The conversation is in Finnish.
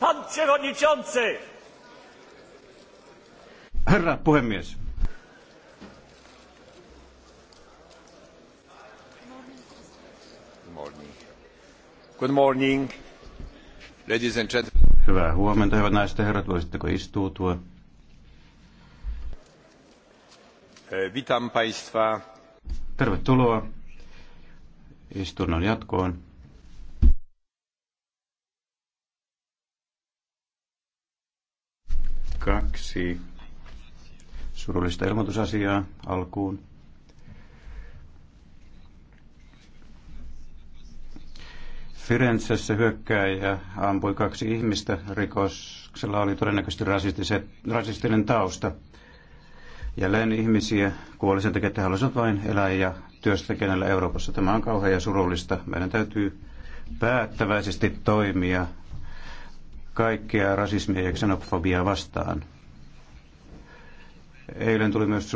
Pan przewodniczący! Herra puhemies. Good morning. Ladies and gentlemen. Hyvää huomenta, hyvät naiset ja herrat. Voisitteko istuutua? Eh, witam Tervetuloa istunnon jatkoon. kaksi surullista ilmoitusasiaa alkuun. Firenzessä ja ampui kaksi ihmistä. Rikoksella oli todennäköisesti rasistinen tausta. Jälleen ihmisiä kuoli sen takia, että he halusivat vain elää ja työstä kenellä Euroopassa. Tämä on kauhea ja surullista. Meidän täytyy päättäväisesti toimia kaikkea rasismia ja xenofobiaa vastaan. Eilen tuli myös